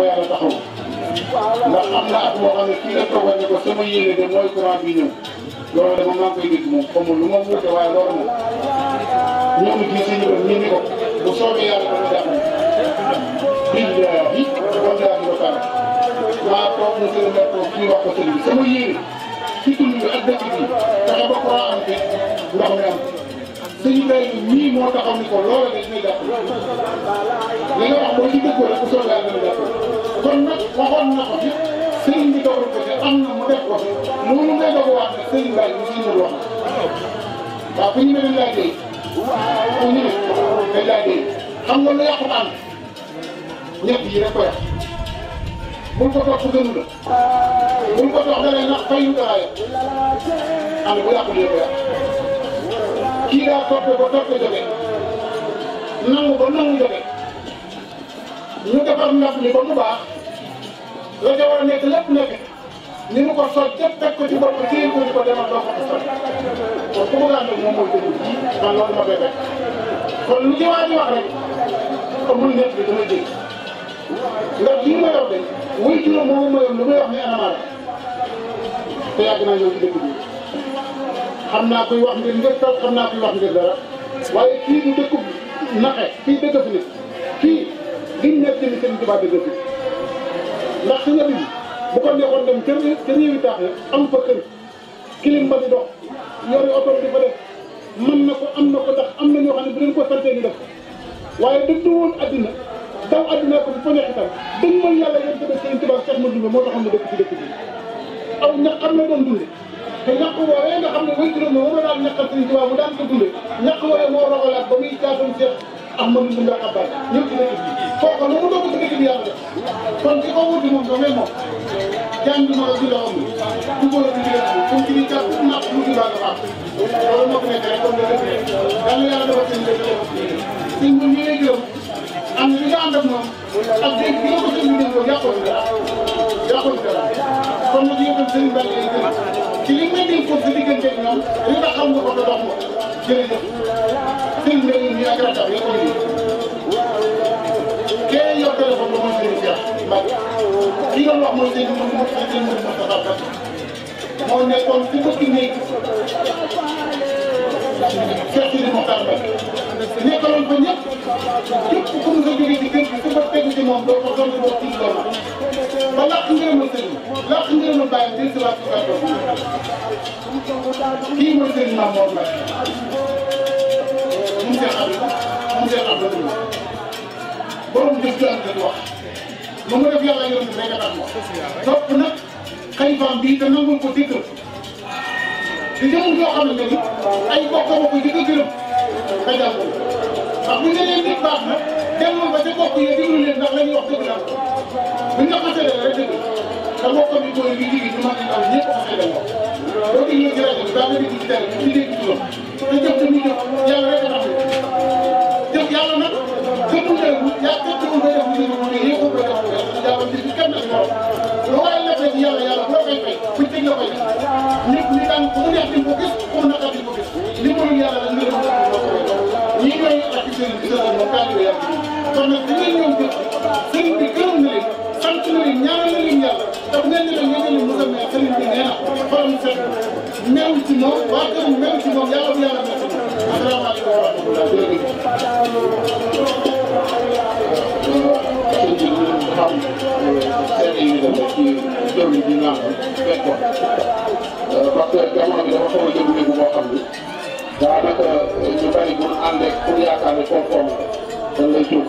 ko yàlla taxaw ndax am na at moo xam ko sama yéene lu ma wuute ko wa taala maa toog monsieur le maire kii wax ko sëriñ bi sama yéene ci tund bi ak dëkk bi fexe ba courant am te ndox mi am suñu nii moo taxaw ni ko loola de dina jàppale li nga wax boo ci dëggoo rek bu soobee yàlla dana jàppale. kon nag waxoon na ko ci sëriñ bi dogal ko ci am na mu def ko loolu ngay doog a wax nag sëriñ Baye bi sëriñ bi wax waaw bu ñu mënee ne day laaj dee xam nga lu yàqu am ñett yi rek ko yàq bul ko toog gënu la bul ko toog da lay nax fayu am bu yàqu ko yàq kii daa topp ba topp jóge nangu ba nangu jóge ñu defar ndax mi ba mu baax. la ca war a nekk lépp nekk ni mu ko soj lépp ko ci bopp téye ko ni ko demal doo ko ko soj kon ku a ànd ak moom mooy déglu ma koy fekk bi ma yor de wuy juróom moom ma yor naa ñëw ci xam naa koy wax ngir ngir tal xam naa koy wax ngir dara waaye kii du dëkk naxe kii dëgg fi ne kii liñ nekk ni seen tubaab dëgg fi ndax si nga bi bu ko neexoon dem ca ca réew yi taax ya am fa kër kilim ba di dox yori oto di fa def mën na ko am na ko ndax am na ñoo bu leen ko santee ñu waaye dëgg woon addina daw addina ko bu fa nekk itam dëgmal yàlla yéen tamit seen tubaab Cheikh moo taxoon ne dëkk ci dëkk aw ñax am na doon dunde te ñàkk woowee nga xam ne way juróom ne wara daan ñàkkal seen tubaab bu daan ko dunde ñàkk woowee moo rogalaat ba muy caasam Cheikh Ahmadou Mbe Abbas ñëpp kon ki ko wuti moom doomee moom jàng du ma la tuddee woon du ma la tuddee woon comme ki ñu jàpp napp mu tudd ak baax loolu moo ko nekk rek comme dafa nekk yàlla yàlla defal seen dëkk seen bu ñu lay gërëm am na li nga ànd ak moom ak dégg ko sëñ bi déggoo yàqoon li nga dénk foofu sa diggante ak moo nekkoon ci bëgg néeg Cheikh Sidi Mokhtar Mbacké nekkaloon ko ñëpp képp ku nga jógee ci ko tegu ci moom doo ko doon bokk ci doon ba làq ngërëmal sëriñ làq ngërëmal bàyyi dil si waat ci kàddu kii mooy sëriñ Mame Mor Mbacké mu Cheikh Abdou mu Cheikh Abdou borom jëf ju am wax ba mu def yàlla yoroon rek a tax ma topp nag xalifaam bii te nangul ko dëggal te jëmul yoo xamante ni ay bokk bokk yi di ko gërëm nga jàpp ko ndax bu ñu na delloo ba ca yi déglu leen ndax la ñuy wax dëgg la bu ñu la xasalee rek dëgg te bokkam yi mooy li jigéen ñu mën a ndaw ñëpp xasee dañ ko boo déggee ci rajo bi daa nga dégg ci télé bi ñu dégg ci loolu te jëf te muy jëf yàlla rek a tax jëf yàlla nag gëmul réew moom waa kër yi même ci moom yàlla bu yàlla nekk asalaamaaleykum wa rahmatulah parce que jamono bi dafa xaw a yëngu yëngu boo xam ni daanaka ñu bari bu ñu àndee pour yaakaar ne conforme dañ lay tuum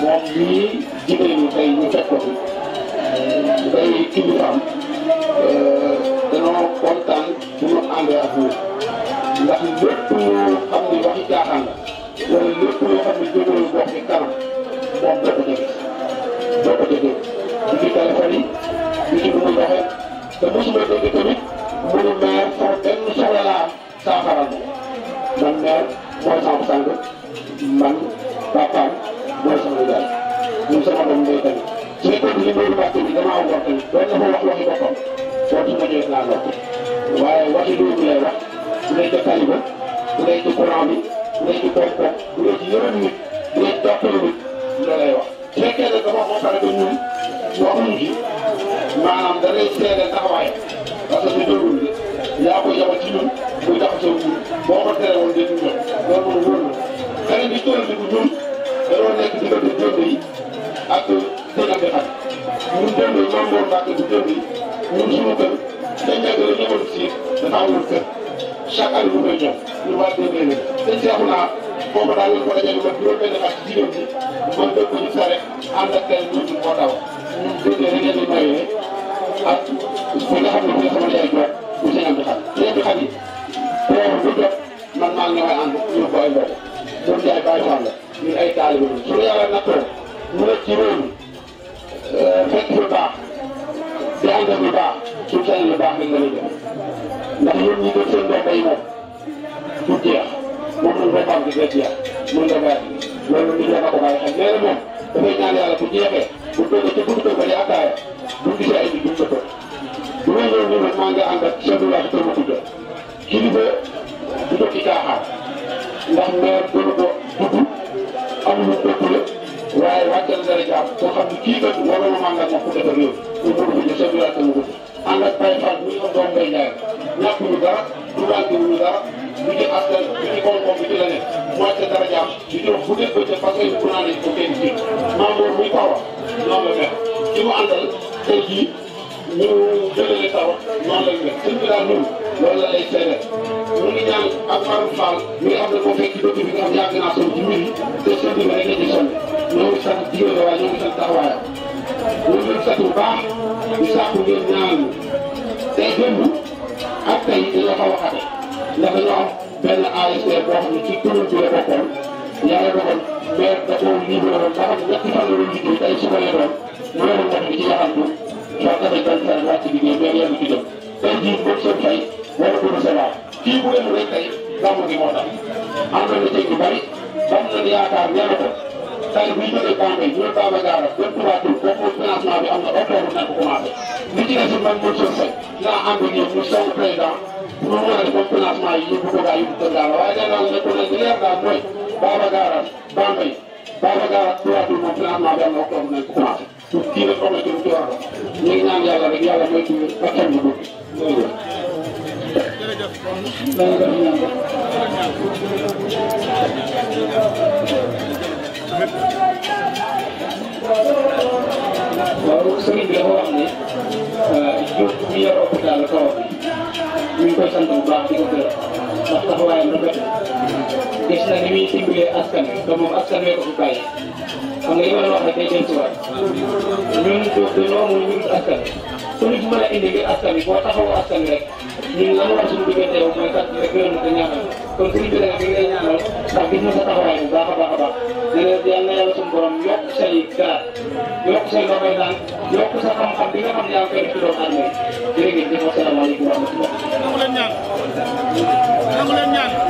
moom mii jigéen ñi tey ñu fekk ko fi day kilifaam lépp xam ne waxi caaxaan la wala lépp loo xam ne jógewul gox bi kanam moom doo ko déggee doo ko déggee di ci téléphone yi di ci lu muy doxee te mosuma dégg tamit mu ne maire sama benn soxla laa saafaral man maire mooy sama sang man papaam mooy sama jaay ñun sama doom day tamit su fekkoon ni loolu wàcc bi damaa war tamit doon na fa wax waxi boppam boo ci ma ñëwee naa noppi waaye waxi loolu lay wax su lay jàppale ba bu dee ci courant bi bu dee ci koom-koom bu dee ci yeneen nit bu dee ci jàppale nit loolu lay wax. su fekkee ne dafa wax ba pare ba ñun waxuñu ci maanaam da lay seede taxawaay parce que suñu déglu bi yaa koy yabal ci ñun muy taxaw sa wóor boo ko teree woon dee ci ñoom loolu moom wóor na beneen bi tool bi bu ñun dañoo nekk diggante dënd yi ak dënn bi xam ñun dënd yi moom moo mbàkk bu dënd yi ñun suñu kër dañ nekk dañoo woon si dafa amul kër. chaque année mu koy jox ñu war dégg leen sëñ boobu daal lañ ko dajale ba juróom-benn at ci jigéen bi mooy dëkk ñu sare ànd ak teel ñu moo daw ñun déggee rek ngeen di noyyee ak xam ne bii sama yaay jox bu sëñ Amdi Xan sëñ Amdi Xan yi boobu bu jot man maa ngi ñëwaat ànd ñu ko ay mbokk ñun yaay bàyyi fan la ñun ay taalibe ñu suñu yàlla nattoo mu nekk ci réew mi euh, fekk lu baax di ànd ak a def ndax yéen ñii def seen doom yi moom du jeex moom lañ koy tànn di jeex mën nga bàyyi loolu nit ña nga ko bàyyi xel nee na moom dafay ñaan yàlla bu jeexee bu toogee ca buñ toog ba yaakaar bu gisee ay nit duñ ko toog bu may ñëw ñu ne maa ngi ànd ak chef de village Toba Koudia kilifa du ko ci caaxaan ndax maire gënu ko dugg amul lu dëkkule waaye wàccal dara jàpp boo xam ne kii kat wala ma ànd ak ma ku defar yow pour pour ñu chef de village Toba Koudia ànd ak Baye Fall doom day leer ñàkk lu dara du laaj lu dara du ci askan du ci koom-koom du ci leneen mooy sa darajaam di ci wax bu dee bëccëg parce que bu naan ko kenn maam boobu muy taw noonu la mel ci mu àndal tey jii ñu jëlee taw noonu lañ mel sëñ bi daal la lay mu ngi ñaan ak Farouk Fall mi nga xam ne moo fekk ci dëkk bi nga xam te sëñ bi rek la ci sonn ñoo ngi ñu sàkku ngeen tey démb ak tey ci la ko waxate ndax dañoo am benn ASP boo xam ne ci commune bi la bokkoon yàlla dogal maire da koo libéré woon ba xam ne ñetti fan la doon liggéey tey suba la doon loolu ndox mi ci yaxantu soo ko defee benn wàcc liggéey mais yéen ci dem tey jii boobu seen fay wala ko recevoir kii bu leen rek tey gàmmu gi moo tax am na lu teg lu bari am nañu yaakaar ñaata ko tey bu ñu jógee Bambey ñoom Baba Diarra ñoom Touba Tour financement bi am na octobre nañ ko commencé li ci des man sans àndoon ñoom ñu soog président pour mu mën a defoon financement yi yóbbu ko gaa yóbbu ko gaa waaye nee naa la nekkoon nag leer daal mooy Baba Gaara Bambey Baba Gaara tuwaatul moom financement bi am na octobre nañ ko commencé. pour kii la soxla ci lu ci war ñu ngi ñaan yàlla rek yàlla mooy tuuti ba kenn du dugg jërëjëf. waaw sëriñ bi dafa wax ni Diop mi yoroo dimbalee ndax taxawaayam rafet na des na ni muy dimbalee askan wi moom askan wee ko fi wala li ma la wax rek day dencuwaat ñun dañoo amul ñun askan ku nit mën a indi ngir askan bi boo taxawoo askan bi rek ñun lan war suñu diggante yow mooy kat rek gërëm te ñaanal kon sëriñ bi nag ñu ngi lay ñaanal ndax gis na sa taxawaay bu baax a baax a baax di la yal na yàlla suñu borom yokk say garaat yokk say ndoxay naan yokk sa xam-xam bi nga xam ne yaa ngi koy def ci doomu aadama jërëjëf asalaamaaleykum wa rahmatulah. nangu leen ñaan nangu leen ñaan.